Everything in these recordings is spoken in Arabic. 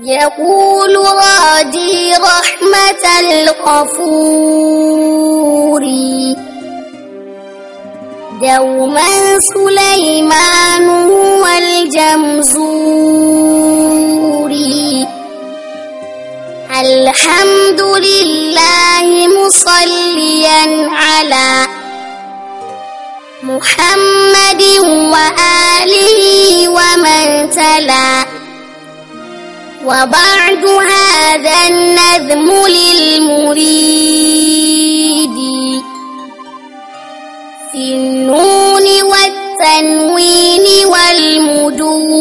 يقول رادي رحمة الغفور دوما سليمان هو الجمزور الحمد لله مصليا على محمد وآله ومن تلاه وبعد هذا النذم للمريد في النون والتنوين والمدود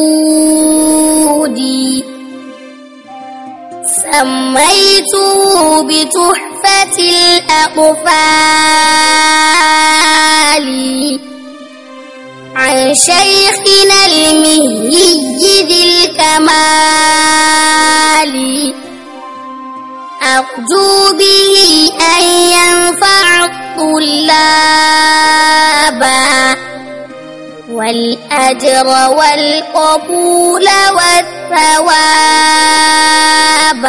سميته بتحفة الأقفال عن شيخنا المهي ذي الكمال أرجو به أن ينفع الطلاب والأجر والقبول والثواب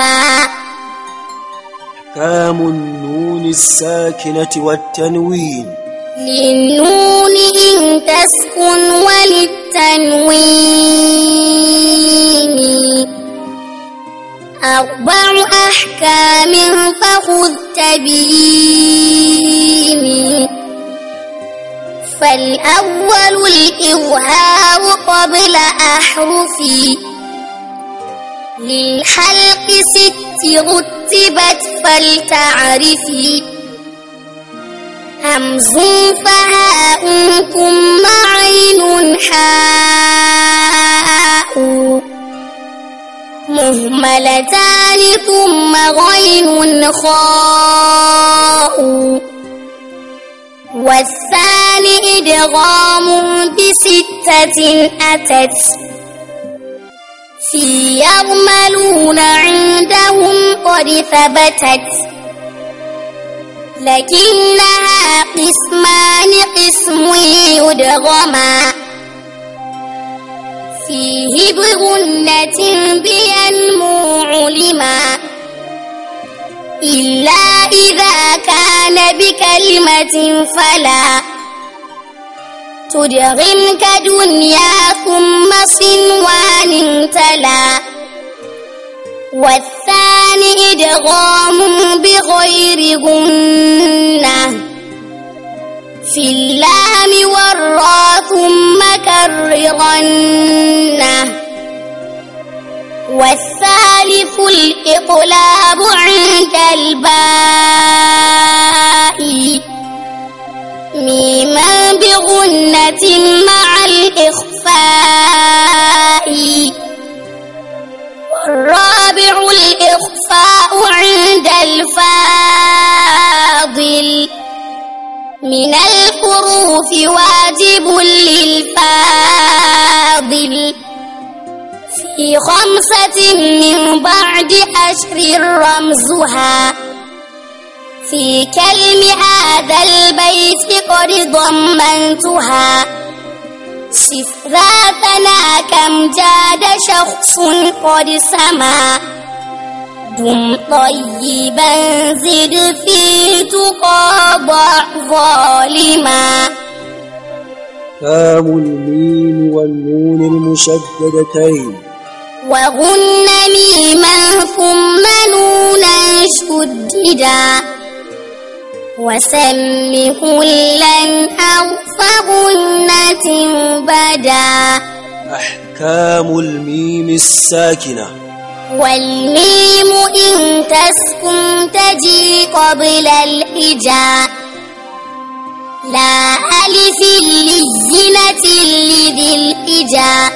كام النون الساكنة والتنوين للنون إن تسكن وللتنوين أربع أحكام فخذ تبيين فالأول الإظهار قبل أحرفي للحلق ست رتبت فلتعرفي أم سفهاؤكم معين حاء مهملتان ثم غين خاء والثاني إدغام بستة أتت في يغملون عندهم قد ثبتت لكنها قسمان قسم يدغما فيه بغنة بينمو علما إلا إذا كان بكلمة فلا تدغمك دنيا ثم صنوان تلا إدغام بغير غنة في اللام والراء ثم كررنه والثالث الإقلاب عند الباء ميما بغنة مع الإخفاء والرابع الإخفاء عند الفاضل من الحروف واجب للفاضل في خمسة من بعد عشر رمزها في كلم هذا البيت قد ضمنتها صف كم جاد شخص قد سما ربكم طيبا زد في تقى ظالما فام الميم والنون المشددتين وغن ميما ثم نونا شددا وسم كلا أو فغنة بدا أحكام الميم الساكنة والميم إن تسكن تجي قبل الإجاء لا ألف للزنة لذي الإجاء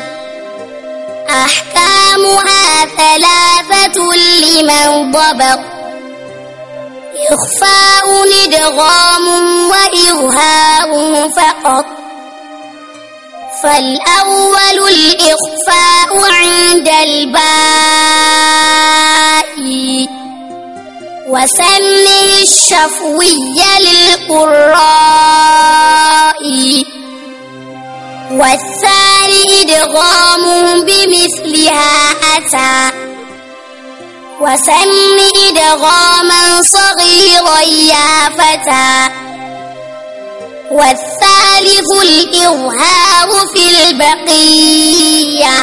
أحكامها ثلاثة لمن ضبط إخفاء إدغام وإظهار فقط فالأول الإخفاء عند الباء وسمي الشفوي للقراء والثاني إدغام بمثلها أتى وسمي إدغاما صغيرا يا فتى والثاني يختلف الإرهاب في البقية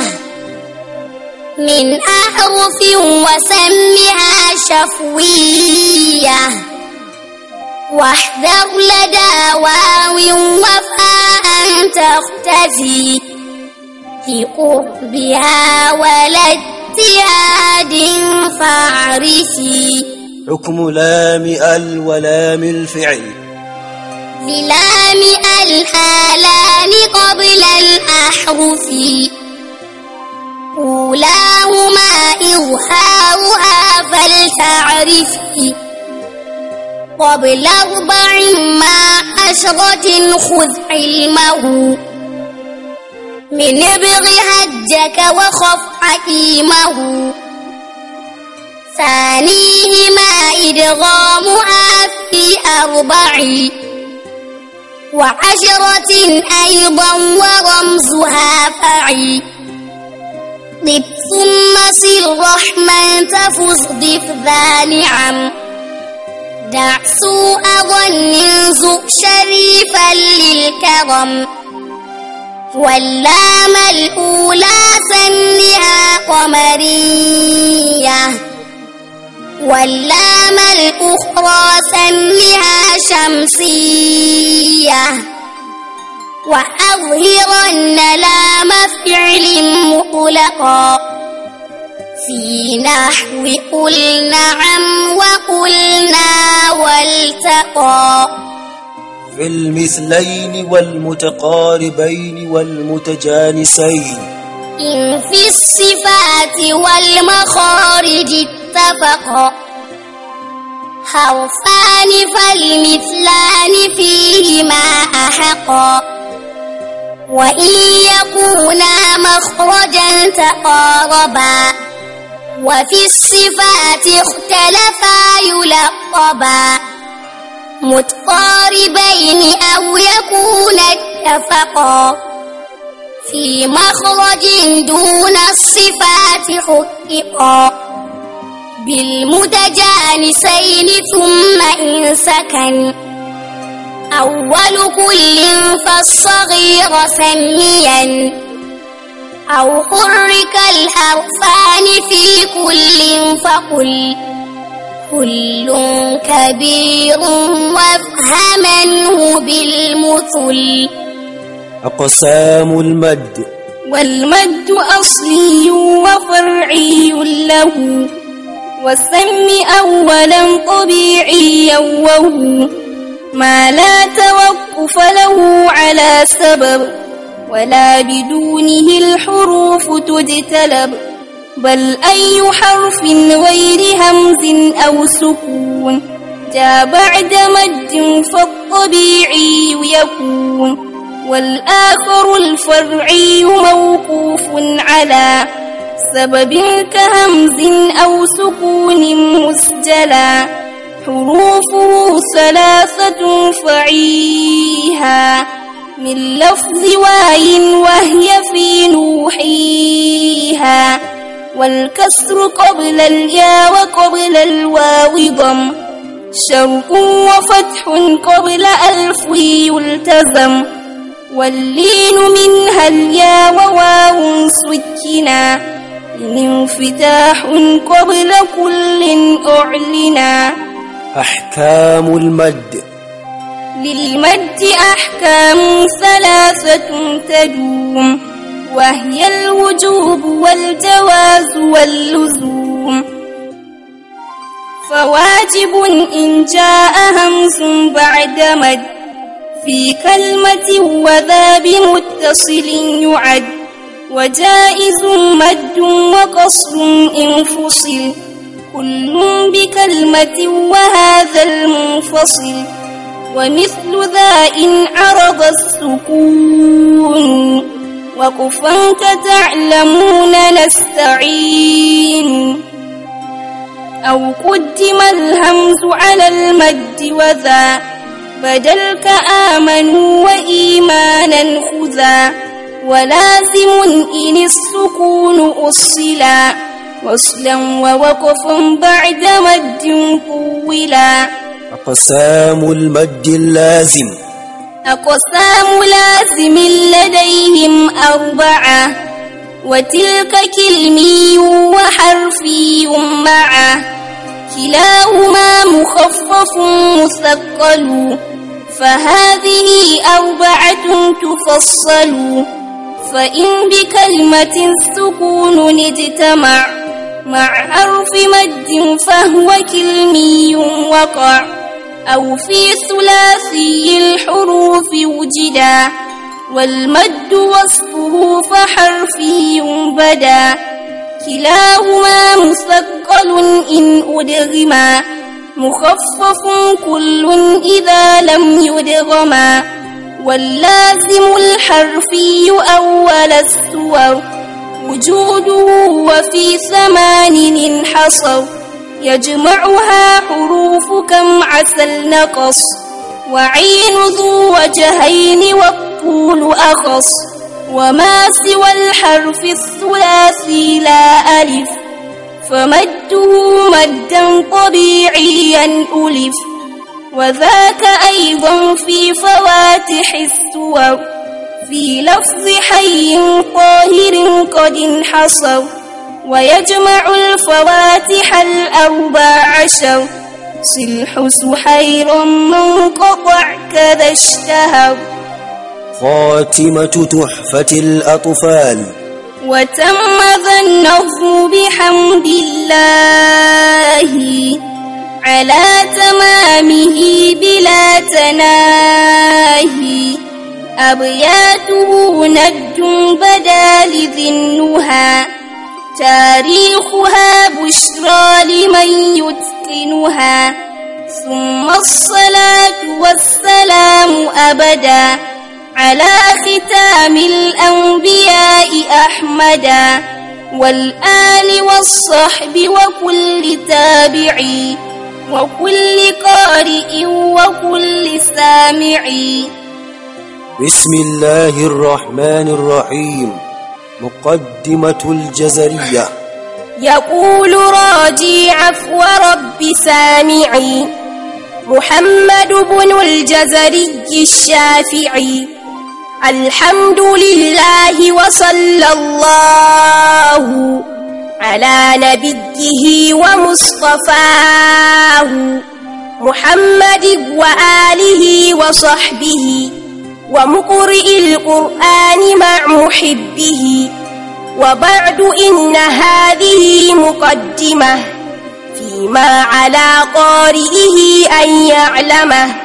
من أحرف وسمها شفوية واحذر لدى واو وفاء تختفي في قربها ولا اجتهاد فاعرفي حكم لام الولام الفعل بلام الحالان قبل الأحرف أولاهما إظهارها فلتعرفه قبل أربع مع عشرة خذ علمه من ابغ هجك وخف حكيمه ثانيهما إدغامها في أربعين وحشرة أيضا ورمزها فعي ضب ثم سل الرحمن تفز ضب ذا نعم دع سوء ظن زق شريفا للكرم واللام الأولى سنها قمريه واللام الأخرى سمها شمسية وأظهرن لام فعل مطلقا في نحو قل نعم وقلنا والتقى في المثلين والمتقاربين والمتجانسين إن في الصفات والمخارج اتفقا حرفان فالمثلان فيهما أحقا وإن يكونا مخرجا تقاربا وفي الصفات اختلفا يلقبا متقاربين أو يكون اتفقا في مخرج دون الصفات حققا بالمتجانسين ثم إن سكن أول كل فالصغير سميا أو حرك الحرفان في كل فقل كل كبير وافهمنه بالمثل أقسام المد والمد أصلي وفرعي له والسم أولا طبيعيا وهو ما لا توقف له على سبب ولا بدونه الحروف تجتلب بل أي حرف غير همز أو سكون جاء بعد مد فالطبيعي يكون والآخر الفرعي موقوف على سبب كهمز أو سكون مسجلا حروفه ثلاثة فعيها من لفظ واي وهي في نوحيها والكسر قبل الياء وقبل الواو ضم شرق وفتح قبل ألف يلتزم واللين منها اليا وواو سكنا انفتاح قبل كل أعلنا أحكام المد للمد أحكام ثلاثة تدوم وهي الوجوب والجواز واللزوم فواجب إن جاء همز بعد مد في كلمة وذا بمتصل يعد وجائز مد وقصر إن فصل كل بكلمة وهذا المنفصل ومثل ذا إن عرض السكون وقفا كتعلمون نستعين أو قدم الهمز على المد وذا بدلك آمنوا وإيمانا خذا ولازم إن السكون أصلا وصلا ووقف بعد مد قولا أقسام المد اللازم أقسام لازم لديهم أربعة وتلك كلمي وحرفي معه كلاهما مخفف مثقل فهذه أربعة تفصل فإن بكلمة سكون اجتمع مع حرف مد فهو كلمي وقع أو في ثلاثي الحروف وجدا والمد وصفه فحرفي بدا كلاهما مثقل إن أدغما مخفف كل إذا لم يدغما واللازم الحرفي أول السور وجوده وفي ثمان انحصر يجمعها حروف كم عسى النقص وعين ذو وجهين والطول أخص وما سوى الحرف الثلاثي لا ألف فمده مدا طبيعيا ألف وذاك أيضا في فواتح السور في لفظ حي طاهر قد انحصر ويجمع الفواتح الأربع عشر سلح سحير منقطع كذا اشتهر خاتمة تحفة الأطفال وتم ظنه بحمد الله على تمامه بلا تناهي أبياته نج بدا لذنها تاريخها بشرى لمن يتقنها ثم الصلاة والسلام أبداً على ختام الأنبياء أحمدا والآل والصحب وكل تابعي وكل قارئ وكل سامعي بسم الله الرحمن الرحيم مقدمة الجزرية يقول راجي عفو رب سامعي محمد بن الجزري الشافعي الحمد لله وصلى الله على نبيه ومصطفاه محمد وآله وصحبه ومقرئ القرآن مع محبه وبعد إن هذه مقدمة فيما على قارئه أن يعلمه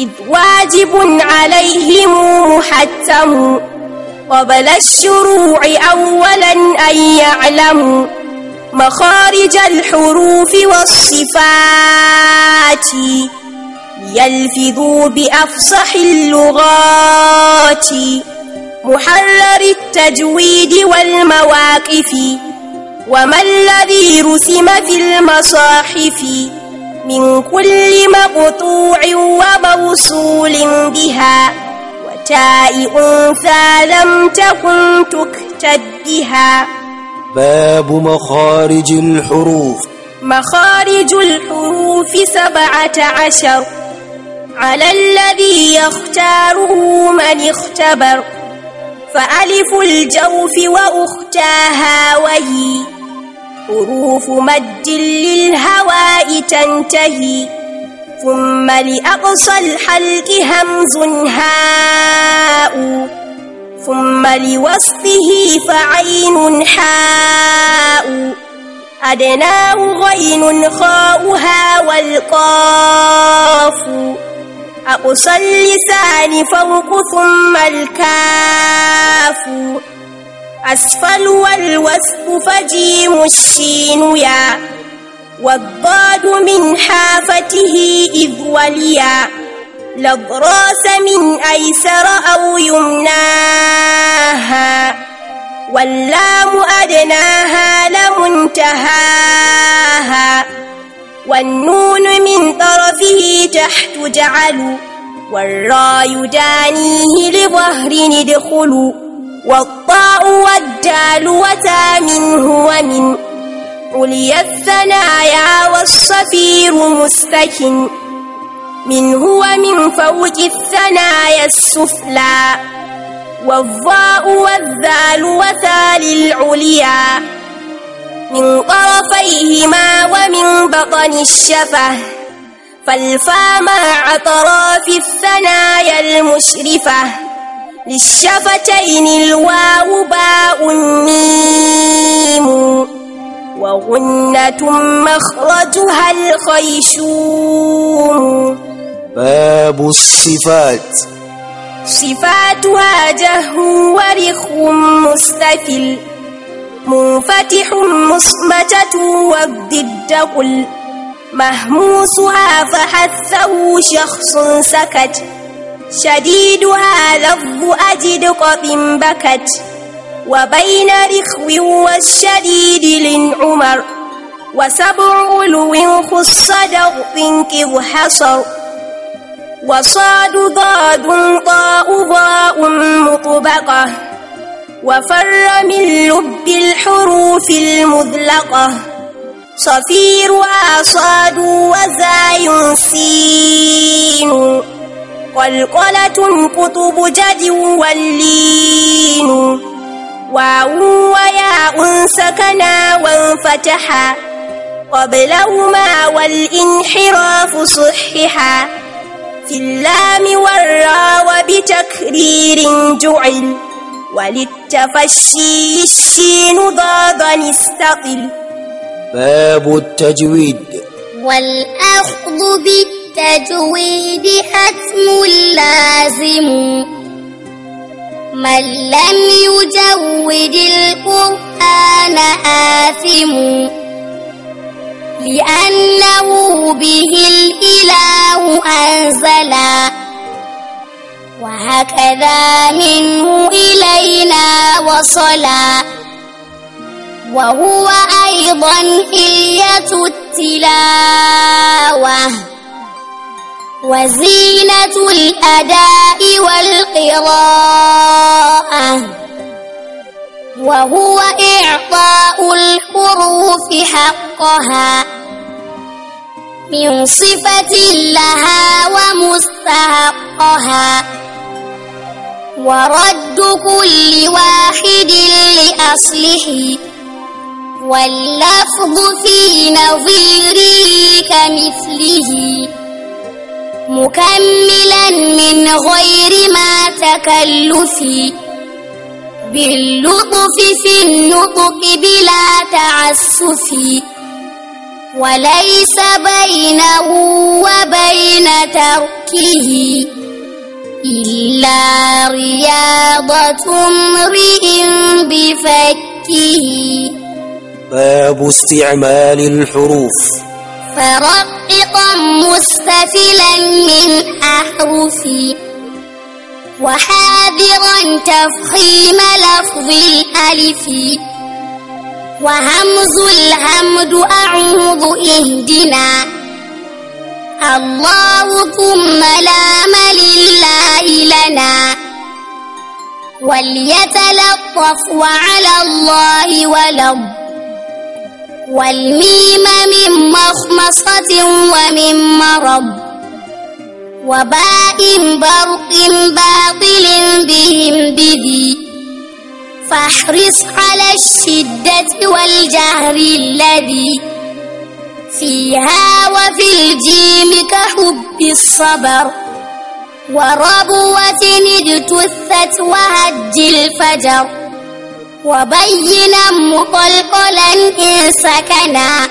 إذ واجب عليهم محتم قبل الشروع أولا أن يعلموا مخارج الحروف والصفات يلفظوا بأفصح اللغات محرر التجويد والمواقف وما الذي رسم في المصاحف من كل مقطوع وموصول بها وتاء أنثى لم تكن تكتد بها باب مخارج الحروف مخارج الحروف سبعة عشر على الذي يختاره من اختبر فألف الجوف وأختاها وهي حروف مد للهواء تنتهي ثم لأقصى الحلق همز هاء ثم لوصفه فعين حاء أدناه غين خاؤها والقاف أقصى اللسان فوق ثم الكاف أسفل والوسب فجيم الشين يا والضاد من حافته إذ وليا لضراس من أيسر أو يمناها واللام أدناها لمنتهاها والنون من طرفه تحت جعل والراي دانيه لظهر ادخلوا والطاء والدال وتا منه ومن علي الثنايا والصفير مستكن منه ومن فوق الثنايا السفلى والظاء والذال وتا للعليا من طرفيهما ومن بطن الشفه فالفا مع أطراف الثنايا المشرفه للشفتين الواو باء ميم وغنة مخرجها الخيشوم باب الصفات صفاتها جه ورخ مستفل منفتح مصمتة والضد قل مهموسها فحثه شخص سكت شديد هذا أجد قط بكت وبين رخو والشديد للعمر وسبع علو خص دغط كذ حصر وصاد ضاد طاء ضاء مطبقة وفر من لب الحروف المذلقة صفيرها صاد وزاي سين قلقلة القطب جد واللين واو وياء سكنا وانفتحا قبلهما والانحراف صححا في اللام والراء وبتكرير جعل وللتفشي الشين ضادا استقل باب التجويد والأخذ بالتجويد للتجويد حتم لازم من لم يجود القرآن آثم لأنه به الإله أنزلا وهكذا منه إلينا وصلا وهو أيضا إلية التلاوة وزينة الأداء والقراءة وهو إعطاء الحروف حقها من صفة لها ومستحقها ورد كل واحد لأصله واللفظ في نظيره كمثله مكملا من غير ما تكلف باللطف في النطق بلا تعسف وليس بينه وبين تركه إلا رياضة امرئ بفكه باب استعمال الحروف فرققاً مستفلا من أحرفي وحاذرا تفخيم لفظ الألف وهمز الهمد أعوذ اهدنا الله ثم لا مل الله لنا وليتلطف وعلى الله ولب والميم من مخمصة ومن مرض وباء برق باطل بهم بذي فاحرص على الشدة والجهر الذي فيها وفي الجيم كحب الصبر وربوة اجتثت وهج الفجر وبينا مقلقلا إن سكنا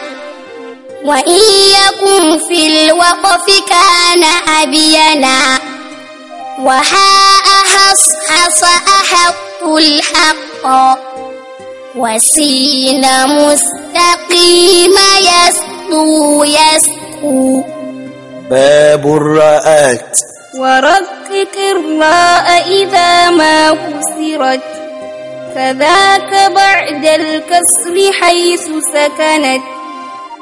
وإن يكن في الوقف كان أبينا وحاء حصحص أحق الحق وسين مستقيم يسدو يسكو باب الراءات ورقق الراء إذا ما كسرت فذاك بعد الكسر حيث سكنت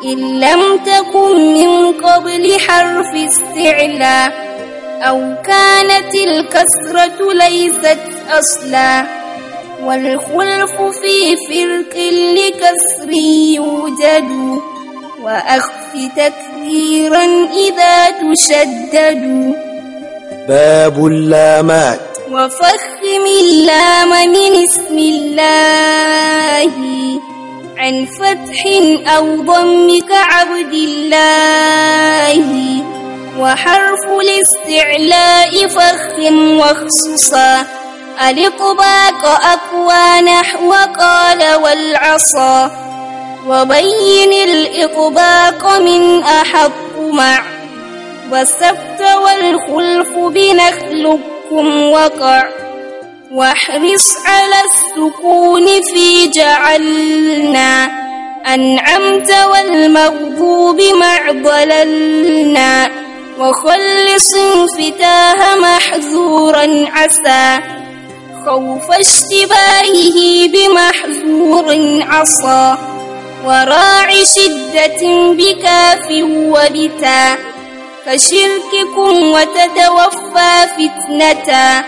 إن لم تكن من قبل حرف استعلا أو كانت الكسرة ليست أصلا والخلف في فرق لكسر يوجد وأخف تكثيرا إذا تشدد باب اللامات وفخم اللام من اسم الله عن فتح أو ضم كعبد الله وحرف الاستعلاء فخم واخصصا ألقباك أقوى نحو قال والعصا وبين الإطباق من أحق مع والسبت والخلف بنخلق بينكم وقع واحرص على السكون في جعلنا أنعمت والمغضوب مع ضللنا وخلص انفتاه محذورا عسى خوف اشتباهه بمحذور عصى وراعي شدة بكاف وبتا فشرككم وتتوفى فتنة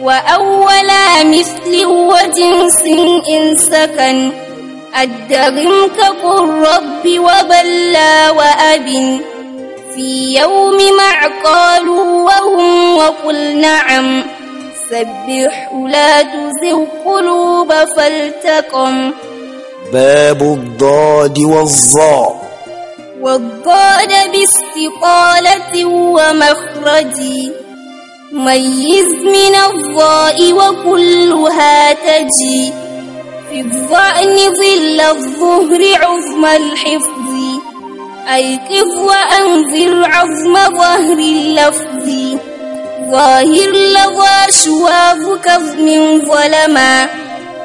وأولى مثل وجنس إن سكن أدغمك قل رب وبلى وأب في يوم مع قالوا وهم وقل نعم سبح لا تزغ قلوب فالتقم باب الضاد والظاء والضاد باستقالة ومخرجي ميز من الضاء وكلها تجي في الظأن ظل الظهر عظم الحفظ أيقظ وأنذر عظم ظهر اللفظ ظاهر لظى شواظ كظم ظلما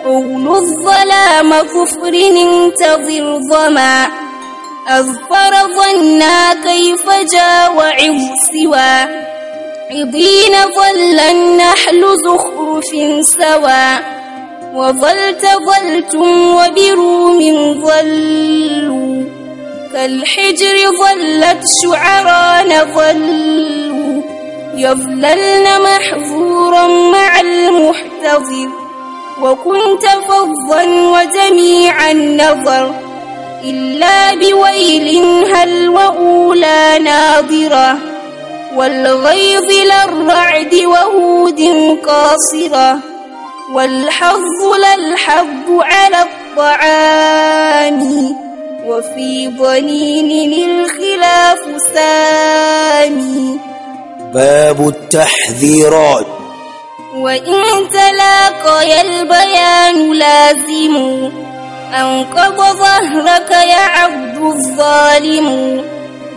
أغل الظلام كفر انتظر ظما أظفر ظنا كيف جا وعظ سوى عضين ظل النحل زخرف سوى وظلت ظلتم وبروم ظلوا كالحجر ظلت شعران ظلوا يظللن محظورا مع المحتضر وكنت فظا وجميع النظر إلا بويل هل وأولى ناظرة والغيظ للرعد وهود قاصرة والحظ للحظ على الطعام وفي ضنين الخلاف سامي باب التحذيرات وإن تلاقي البيان لازم أنقض ظهرك يا عبد الظالم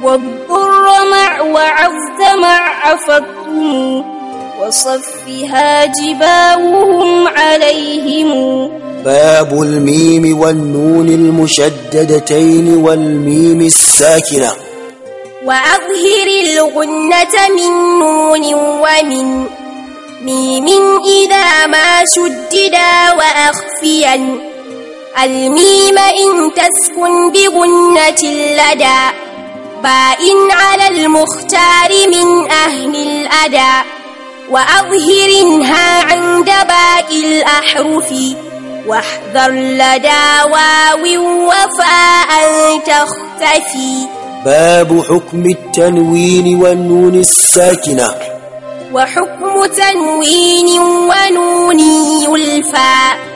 والضر مع وعظت مع عفتم وصفها جباههم عليهم باب الميم والنون المشددتين والميم الساكنة وأظهر الغنة من نون ومن ميم إذا ما شددا وأخفيا الميم إن تسكن بغنة لدى باء على المختار من أهل الأدى وأظهرنها عند باء الأحرف واحذر لدى واو وفاء تختفي باب حكم التنوين والنون الساكنة وحكم تنوين ونون يلفى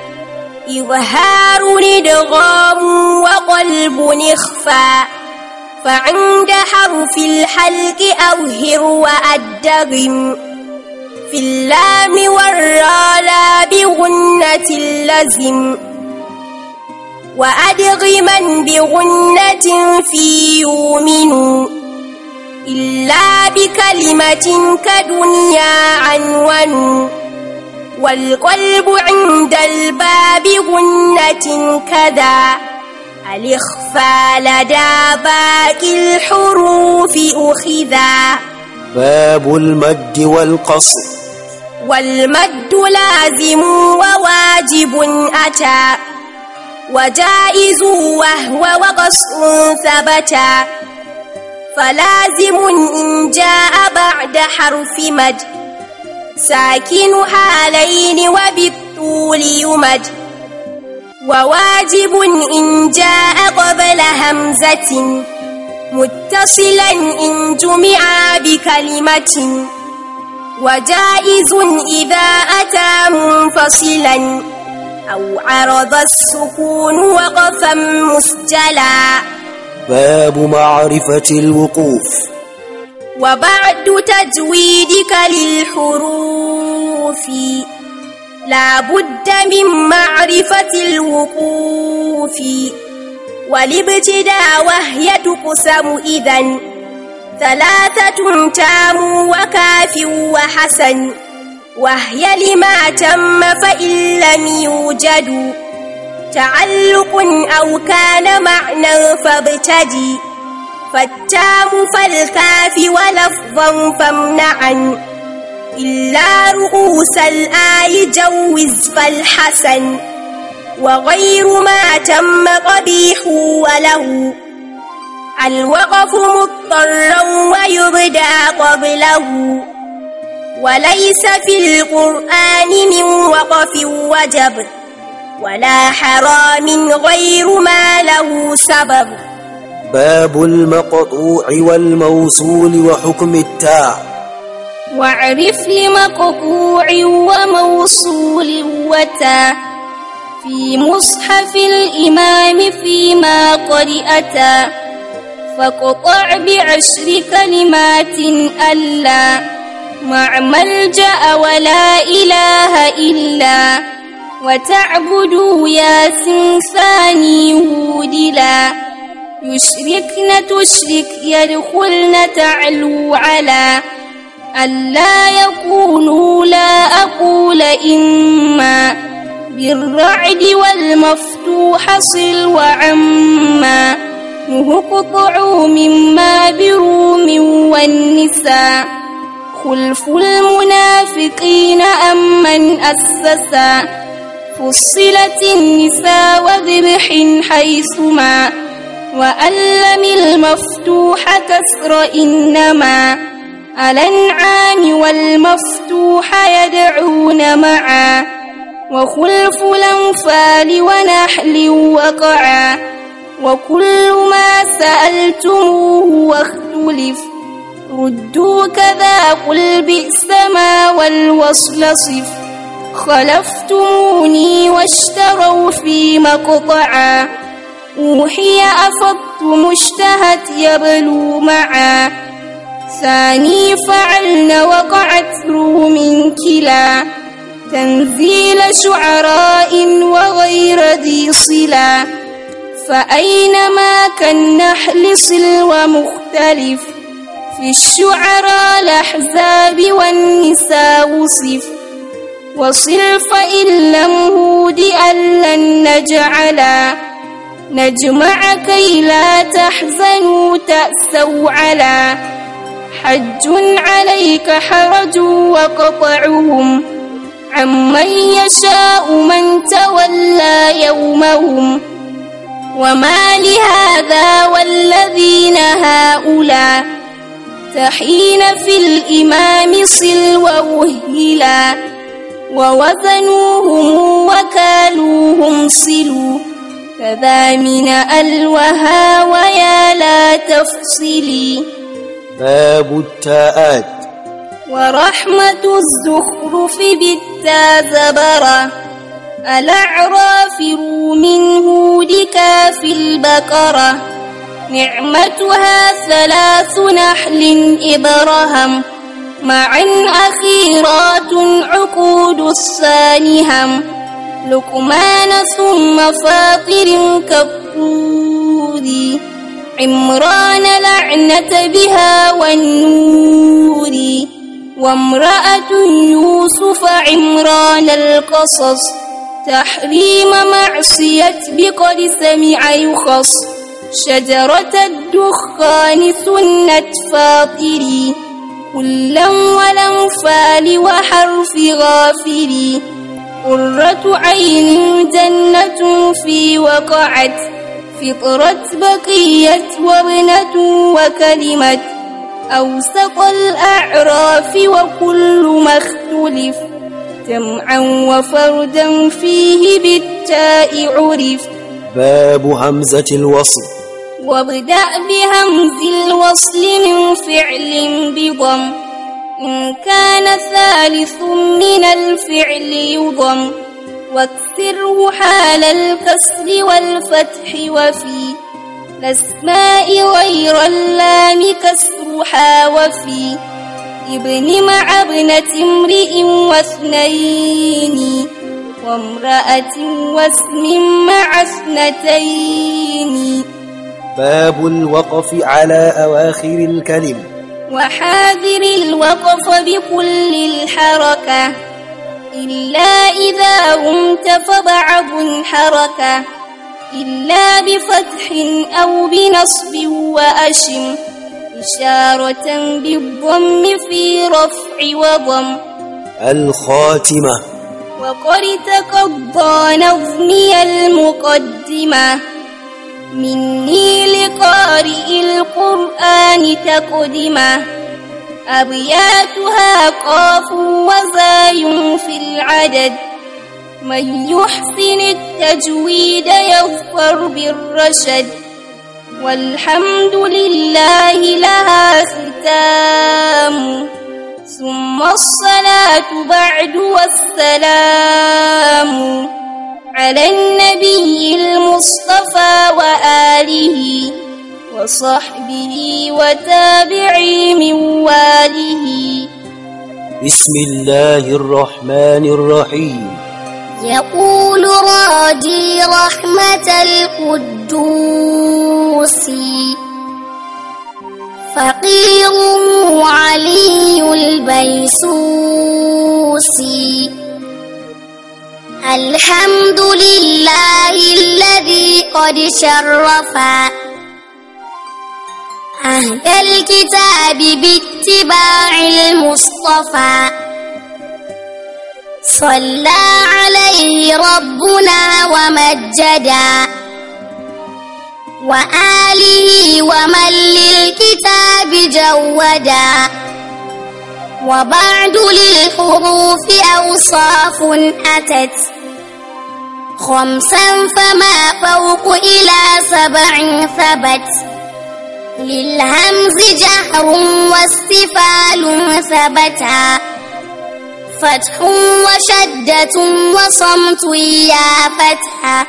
إظهار إدغام وقلب إخفى فعند حرف الحلق أوهر وأدغم في اللام والرالى لا بغنة لزم وأدغما بغنة في يؤمن إلا بكلمة كدنيا عنون والقلب عند الباب غنة كذا الإخفى لدى باقي الحروف أخذا باب المد والقصر والمد لازم وواجب أتى وجائز وهو وقصر ثبتا فلازم إن جاء بعد حرف مد ساكنها ليل وبالطول يمد وواجب إن جاء قبل همزة متصلا إن جمع بكلمة وجائز إذا أتى منفصلا أو عرض السكون وقفا مسجلا باب معرفة الوقوف وبعد تجويدك للحروف لا بد من معرفة الوقوف والابتداء وهي تقسم إذا ثلاثة تام وكاف وحسن وهي لما تم فإن لم يوجد تعلق أو كان معنى فابتدي فالتام فالكاف ولفظا فامنعا إلا رؤوس الآي جوز فالحسن وغير ما تم قبيح وله الوقف مضطرا ويبدى قبله وليس في القرآن من وقف وجب ولا حرام غير ما له سبب باب المقطوع والموصول وحكم التاء واعرف لمقطوع وموصول وتاء في مصحف الإمام فيما قرأتا فقطع بعشر كلمات ألا مع ملجأ ولا إله إلا وتعبدوا ياسين ثاني هودلا يشركن تشرك يدخلن تعلو على ألا يكونوا لا أقول إما بالرعد والمفتوح صل وعما مهقطعوا مما بروم والنساء خلف المنافقين أم من أسسا فصلت النساء وذبح حيثما وألم المفتوحة تسر إنما الأنعام والمفتوح يدعون معا وخلف الأنفال ونحل وقعا وكل ما سألتموه واختلف ردوا كذا قل بئس ما والوصل صف خلفتموني واشتروا في مقطعا أوحي أفضت مشتهت يبلو معا ثاني فعلن وقعت رو من كلا تنزيل شعراء وغير ذي صلا فأينما كالنحل صل ومختلف في الشعراء الأحزاب والنساء وصف وصل فإن لم هودئا لن نجعلا نجمع كي لا تحزنوا تأسوا على حج عليك حرج وقطعهم عمن يشاء من تولى يومهم وما لهذا والذين هؤلاء تحين في الإمام صل ووهلا ووزنوهم وكالوهم صلوا فذا من ألوها ويا لا تفصلي باب التاءات ورحمة الزخرف بالتا زبرة الأعراف من هودك في البقرة نعمتها ثلاث نحل إبرهم معا أخيرات عقود السانهم لقمان ثم فاطر كالطور عمران لعنة بها والنور وامرأة يوسف عمران القصص تحريم معصية بقد سمع يخص شجرة الدخان سنة فاطري كلا فال وحرف غافري قرة عين جنة في وقعت فطرت بقيت وابنة وكلمت أوسق الأعراف وكل ما اختلف جمعا وفردا فيه بالتاء عرف باب همزة الوصل وابدأ بهمز الوصل من فعل بضم إن كان ثالث من الفعل يضم واكسره حال الكسر والفتح وفي الأسماء غير اللام كسرها وفي ابن مع ابنة امرئ واثنين وامرأة واسم مع اثنتين باب الوقف على أواخر الكلم وحاذر الوقف بكل الحركة إلا إذا غمت فبعض حركة إلا بفتح أو بنصب وأشم إشارة بالضم في رفع وضم الخاتمة وقرت قد نظمي المقدمة مني لقارئ القرآن تقدمة أبياتها قاف وزاي في العدد من يحسن التجويد يظفر بالرشد والحمد لله لها ختام ثم الصلاة بعد والسلام على النبي المصطفى وآله وصحبه وتابعي من واله بسم الله الرحمن الرحيم يقول راجي رحمة القدوس فقير علي البيسوس الحمد لله الذي قد شرف أهل الكتاب باتباع المصطفى صلى عليه ربنا ومجدا وآله ومن للكتاب جودا وبعد للحروف أوصاف أتت خمسا فما فوق إلى سبع ثبت للهمز جهر واستفال ثبتا فتح وشدة وصمت يا فتحة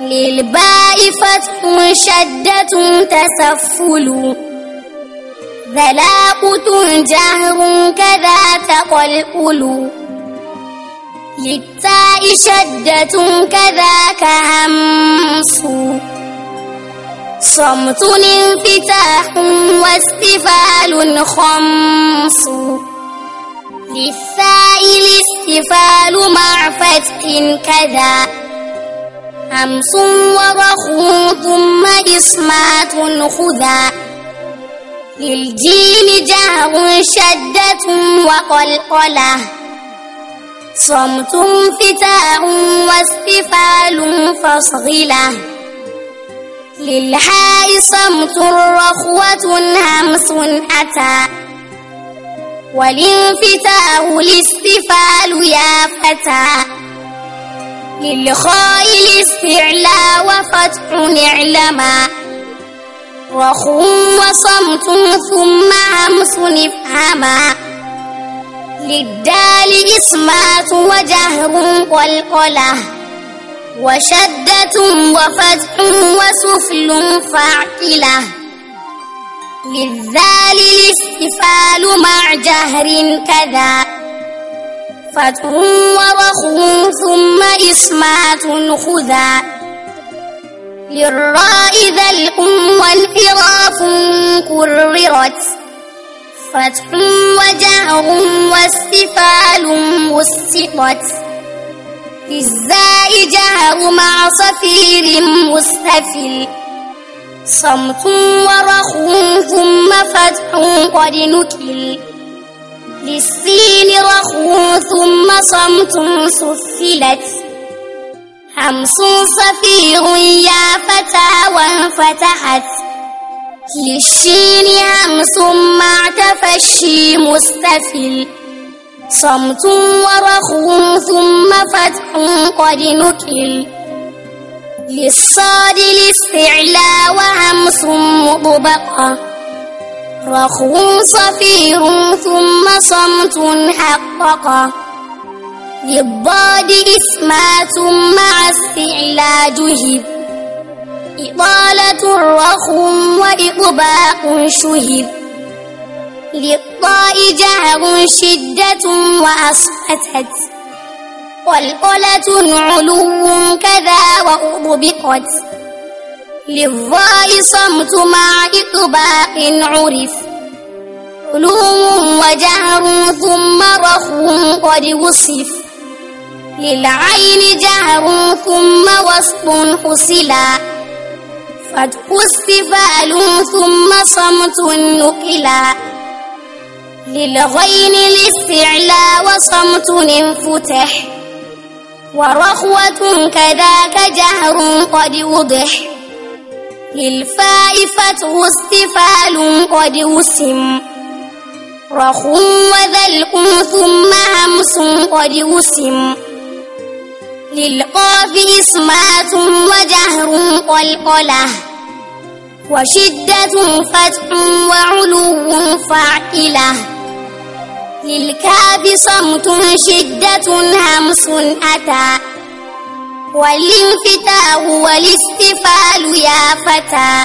للباء فتح شدة تسفل ذلاقة جهر كذا تقلقل للتاء شدة كذاك كهمس صمت انفتاح واستفال خمس للسائل استفال مع فتح كذا همس ورخو ثم إصمات خذا للجيم جهر شدة وقلقلة صمت انفتاح واستفال فصغله للحال صمت رخوة همس أتى والانفتاه الاستفال يا فتى للخائل استعلى وفتح اعلما رخو وصمت ثم همس افهما للدال اسمات وجهر قلقله وشدة وفتح وسفل فاعتلة للذال الاستفال مع جهر كذا فتح ورخو ثم إصمات خذا للراء ذا الأم والعراف كررت فتح وجهر واستفال مسقط إزاي جهر مع صفير مستفل صمت ورخ ثم فتح قد نكل للسين رخ ثم صمت سفلت همس صفير يا فتى وانفتحت للشين همس معتف الشي مستفل صمت ورخو ثم فتح قد نكل للصاد الاستعلاء وهمس مطبقة رخو صفير ثم صمت حقق للضاد اسما ثم استعلاء جهب إطالة رخو وإطباق شهب للطاء جهر شدة وأصفتت قلقلة علو كذا وأضبقت للظاء صمت مع إطباق عرف علو وجهر ثم رخو قد وصف للعين جهر ثم وسط حصلا فتح استفال ثم صمت نقلا للغين الاستعلاء وصمت انفتح ورخوة كذاك جهر قد وضح للفاء فتح استفال قد وسم رخ وذلق ثم همس قد وسم للقاف إسمات وجهر قلقلة وشدة فتح وعلو فعله للكاب صمت شدة همس أتى والانفتاح والاستفال يا فتى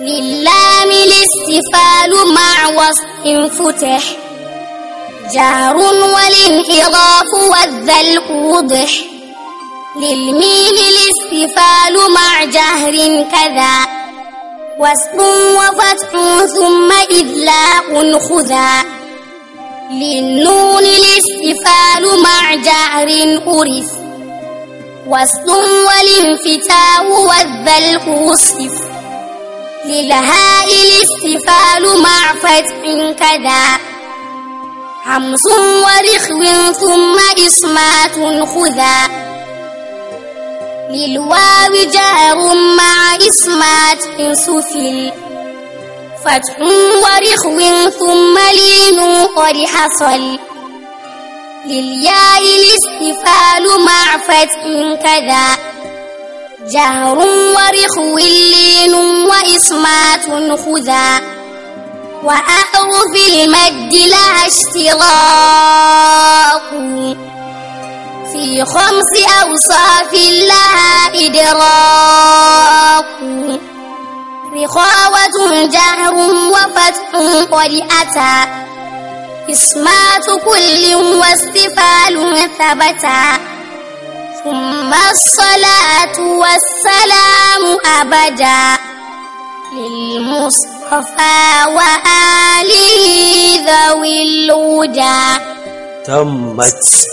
للام الاستفال مع وصف فتح جار والانحراف والذلق وضح للميم الاستفال مع جهر كذا وصف وفتح ثم إذلاق خذا للنون الاستفال مع جعر أرث وصل والانفتاء والذل وصف للهاء الاستفال مع فتح كذا حمص ورخو ثم إصمات خذا للواو جار مع إصمات سفل فتح ورخو ثم لين قد حصل للياء الاستفال مع فتح كذا جهر ورخو لين وإصمات خذا وأعرف المد لها اشتراك في خمس أوصاف لها إدراك رخاوة جهر وفتح قد أتى إسمات كل واستفال ثبتا ثم الصلاة والسلام أبدا للمصطفى وآله ذوي الودا تمت